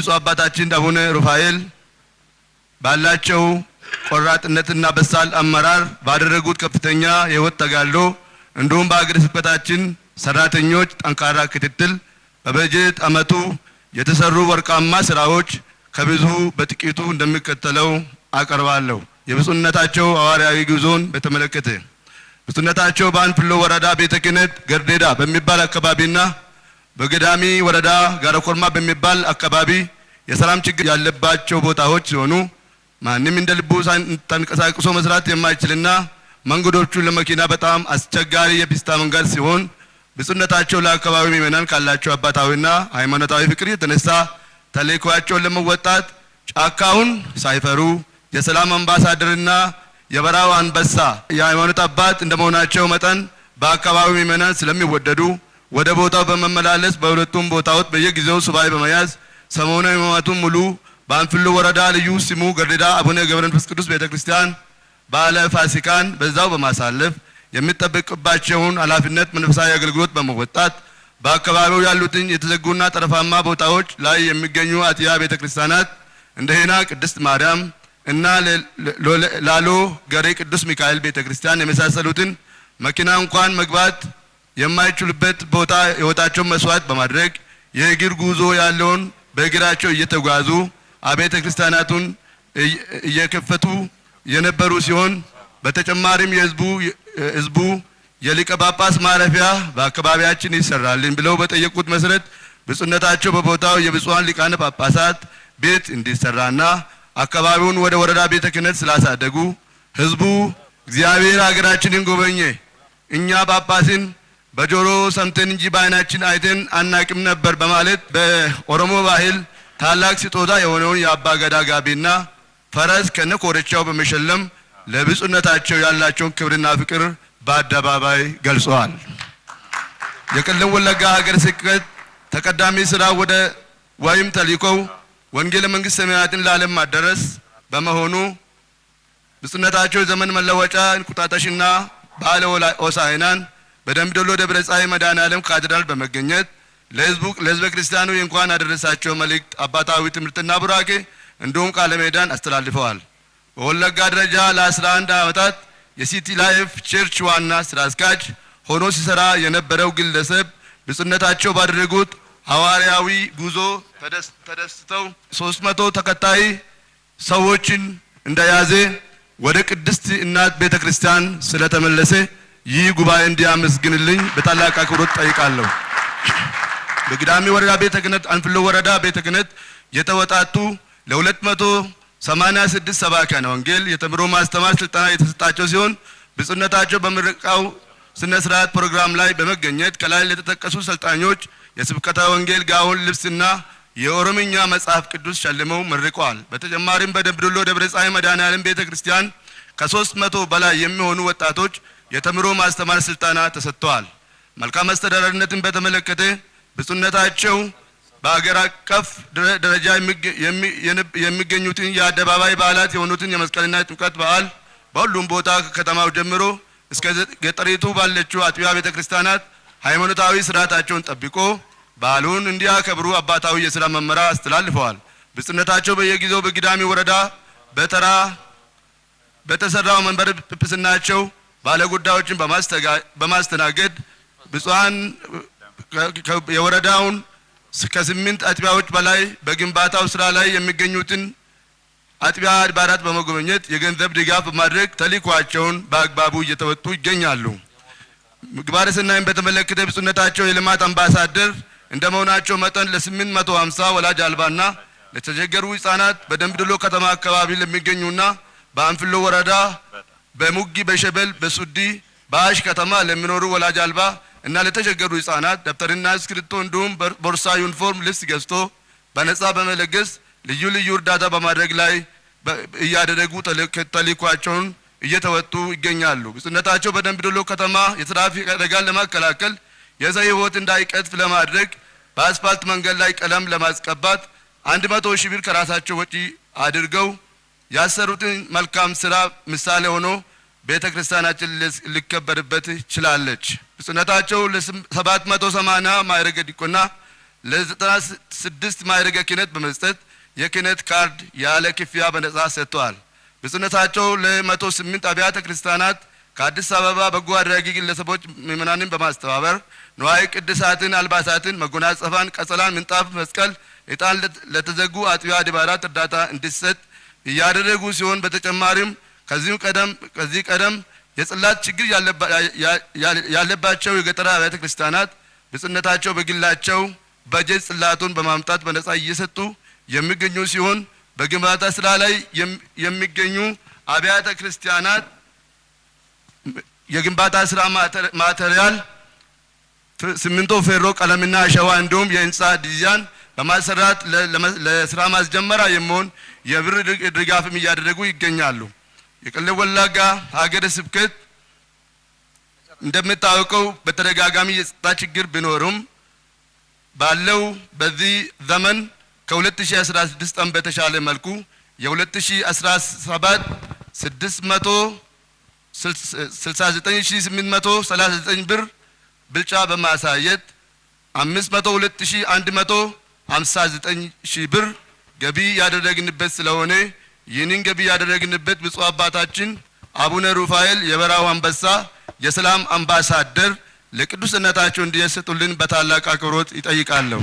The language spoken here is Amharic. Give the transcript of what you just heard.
ብፁዕ አባታችን አቡነ ሩፋኤል ባላቸው ቆራጥነትና በሳል አመራር ባደረጉት ከፍተኛ የሕይወት ተጋድሎ እንዲሁም በሀገረ ስብከታችን ሰራተኞች ጠንካራ ክትትል በበጀት ዓመቱ የተሰሩ ወርቃማ ስራዎች ከብዙ በጥቂቱ እንደሚከተለው አቀርባለሁ። የብፁዕነታቸው ሐዋርያዊ ጉዞን በተመለከተ ብፁዕነታቸው በአንድ ፍሎ ወረዳ ቤተ ክህነት ገርዴዳ በሚባል አካባቢና በገዳሚ ወረዳ ጋራ ኮርማ በሚባል አካባቢ የሰላም ችግር ያለባቸው ቦታዎች ሲሆኑ ማንም እንደ ልቡ ተንቀሳቅሶ መስራት የማይችልና መንገዶቹ ለመኪና በጣም አስቸጋሪ የፒስታ መንገድ ሲሆን ብፁዕነታቸው ለአካባቢው ምዕመናን ካላቸው አባታዊና ሃይማኖታዊ ፍቅር የተነሳ ተልዕኳቸውን ለመወጣት ጫካውን ሳይፈሩ የሰላም አምባሳደርና የበረሃው አንበሳ የሃይማኖት አባት እንደመሆናቸው መጠን በአካባቢው ምዕመናን ስለሚወደዱ ወደ ቦታው በመመላለስ በሁለቱም ቦታዎች በየጊዜው ሱባኤ በመያዝ ሰሞነ ሕማማቱን ሙሉ በአንፍሎ ወረዳ ልዩ ስሙ ገረዳ አቡነ ገብረ መንፈስ ቅዱስ ቤተ ክርስቲያን በዓለ ፋሲካን በዛው በማሳለፍ የሚጠበቅባቸውን ኃላፊነት መንፈሳዊ አገልግሎት በመወጣት በአካባቢው ያሉትን የተዘጉና ጠረፋማ ቦታዎች ላይ የሚገኙ አጥቢያ ቤተ ክርስቲያናት እንደ ሄና ቅድስት ማርያም እና ላሎ ገሬ ቅዱስ ሚካኤል ቤተ ክርስቲያን የመሳሰሉትን መኪና እንኳን መግባት የማይችሉበት ቦታ ሕይወታቸውን መስዋዕት በማድረግ የእግር ጉዞ ያለውን በእግራቸው እየተጓዙ አብያተ ክርስቲያናቱን እየከፈቱ የነበሩ ሲሆን በተጨማሪም የህዝቡ ህዝቡ የሊቀ ጳጳስ ማረፊያ በአካባቢያችን ይሰራልን ብለው በጠየቁት መሰረት ብፁዕነታቸው በቦታው የብፁዓን ሊቃነ ጳጳሳት ቤት እንዲሰራና አካባቢውን ወደ ወረዳ ቤተ ክህነት ስላሳደጉ ህዝቡ እግዚአብሔር ሀገራችንን ጎበኘ፣ እኛ ጳጳስን በጆሮ ሰምተን እንጂ በአይናችን አይተን አናቅም ነበር በማለት በኦሮሞ ባህል ታላቅ ስጦታ የሆነውን የአባ ገዳ ጋቢና ፈረስ ከነ ኮርቻው በመሸለም ለብፁዕነታቸው ያላቸውን ክብርና ፍቅር በአደባባይ ገልጸዋል። የቄለም ወለጋ ሀገር ስብከት ተቀዳሚ ስራ ወደ ወይም ተልእኮው ወንጌለ መንግስት ሰማያትን ለዓለም ማደረስ በመሆኑ ብፁዕነታቸው ዘመን መለወጫ እንቁጣጣሽና በዓለ ሆሳዕናን በደምቢ ደብረ ፀሐይ ዓለም ካቴድራል በመገኘት ለህዝበ ክርስቲያኑ የእንኳን አደረሳቸው መልእክት፣ አባታዊ ትምህርትና ቡራኬ እንዲሁም ቃለ ምዕዳን አስተላልፈዋል። በወለጋ ደረጃ ለ11 ዓመታት የሲቲ ላይፍ ቸርች ዋና ስራ አስኪያጅ ሆኖ ሲሰራ የነበረው ግለሰብ ብፁዕነታቸው ባደረጉት ሐዋርያዊ ጉዞ ተደስተው 300 ተከታይ ሰዎችን እንደያዘ ወደ ቅድስት እናት ቤተ ክርስቲያን ስለተመለሰ ይህ ጉባኤ እንዲያመስግንልኝ በታላቅ አክብሮት ጠይቃለሁ። በግዳሜ ወረዳ ቤተ ክህነት፣ አንፍሎ ወረዳ ቤተ ክህነት የተወጣጡ ለ286 ሰባክያነ ወንጌል የተምሮ ማስተማር ስልጠና የተሰጣቸው ሲሆን ብፁዕነታቸው በምርቃው ስነ ስርዓት ፕሮግራም ላይ በመገኘት ከላይ ለተጠቀሱ ሰልጣኞች የስብከተ ወንጌል ጋውን ልብስና የኦሮምኛ መጽሐፍ ቅዱስ ሸልመው መርቀዋል። በተጨማሪም በደንቢዶሎ ደብረ ፀሐይ መድኃኔዓለም ቤተ ክርስቲያን ከ መቶ በላይ የሚሆኑ ወጣቶች የተምሮ ማስተማር ስልጠና ተሰጥተዋል። መልካም አስተዳደርነትን በተመለከተ ብፁዕነታቸው በአገር አቀፍ ደረጃ የሚገኙትን የአደባባይ በዓላት የሆኑትን የመስቀልና የጥምቀት በዓል በሁሉም ቦታ ከከተማው ጀምሮ እስከ ገጠሪቱ ባለችው አጥቢያ ቤተ ክርስቲያናት ሃይማኖታዊ ስርዓታቸውን ጠብቆ በዓሉን እንዲያከብሩ አባታዊ የስራ መመሪያ አስተላልፈዋል። ብፁዕነታቸው በየጊዜው በግዳሚ ወረዳ በተራ በተሰራው መንበር ጵጵስናቸው ባለጉዳዮችን በማስተናገድ ብፁዓን የወረዳውን ከስምንት አጥቢያዎች በላይ በግንባታው ስራ ላይ የሚገኙትን አጥቢያ አድባራት በመጎብኘት የገንዘብ ድጋፍ በማድረግ ተሊኳቸውን በአግባቡ እየተወጡ ይገኛሉ። ምግባረ ሰናይን በተመለከተ ብፁዕነታቸው የልማት አምባሳደር እንደመሆናቸው መጠን ለ ሀምሳ ወላጅ አልባና ለተቸገሩ ህጻናት በደምቢዶሎ ከተማ አካባቢ ለሚገኙና በአንፍሎ ወረዳ በሙጊ በሸበል በሱዲ በአሽ ከተማ ለሚኖሩ ወላጅ አልባ እና ለተቸገሩ ህጻናት ደብተርና እስክሪብቶ እንዲሁም ቦርሳ፣ ዩኒፎርም፣ ልብስ ገዝቶ በነጻ በመለገስ ልዩ ልዩ እርዳታ በማድረግ ላይ እያደረጉ ተልዕኳቸውን እየተወጡ ይገኛሉ። ብፁዕነታቸው በደንብ ዶሎ ከተማ የትራፊክ አደጋን ለማከላከል የሰው ህይወት እንዳይቀጥፍ ለማድረግ በአስፋልት መንገድ ላይ ቀለም ለማስቀባት አንድ መቶ ሺህ ብር ከራሳቸው ወጪ አድርገው ያሰሩትን መልካም ስራ ምሳሌ ሆኖ ቤተ ክርስቲያናችን ሊከበርበት ችላለች። ብፁዕነታቸው ለ780 ማዕረገ ዲቁና ለ96 ማዕረገ ክህነት በመስጠት የክህነት ካርድ ያለ ክፍያ በነጻ ሰጥተዋል። ብፁዕነታቸው ለ108 አብያተ ክርስቲያናት ከአዲስ አበባ በጎ አድራጊ ግለሰቦች ምዕመናንን በማስተባበር ንዋየ ቅድሳትን፣ አልባሳትን፣ መጎናጸፋን፣ ቀጸላን፣ ምንጣፍ፣ መስቀል፣ ዕጣን ለተዘጉ አጥቢያ አድባራት እርዳታ እንዲሰጥ እያደረጉ ሲሆን በተጨማሪም ከዚህ ቀደም ከዚህ ቀደም የጽላት ችግር ያለባቸው የገጠር አብያተ ክርስቲያናት ንጽነታቸው በግላቸው በጀት ጽላቱን በማምጣት በነጻ እየሰጡ የሚገኙ ሲሆን በግንባታ ስራ ላይ የሚገኙ አብያተ ክርስቲያናት የግንባታ ስራ ማቴሪያል ሲሚንቶ፣ ፌሮ፣ ቀለምና አሸዋ እንዲሁም የህንፃ ዲዛይን በማሰራት ለስራ ማስጀመሪያ የሚሆን የብር ድጋፍም እያደረጉ ይገኛሉ። የቀለ ወለጋ ሀገረ ስብከት እንደምታወቀው በተደጋጋሚ የጸጥታ ችግር ቢኖርም ባለው በዚህ ዘመን ከ2016 ዓ.ም በተሻለ መልኩ የ2017 669839 ብር ብልጫ በማሳየት 59 ሺህ ብር ገቢ ያደረግንበት ስለሆነ ይህንን ገቢ ያደረግንበት ብፁዕ አባታችን አቡነ ሩፋኤል የበረሃው አንበሳ የሰላም አምባሳደር ለቅዱስነታቸው እንዲሰጡልን በታላቅ አክብሮት ይጠይቃለሁ።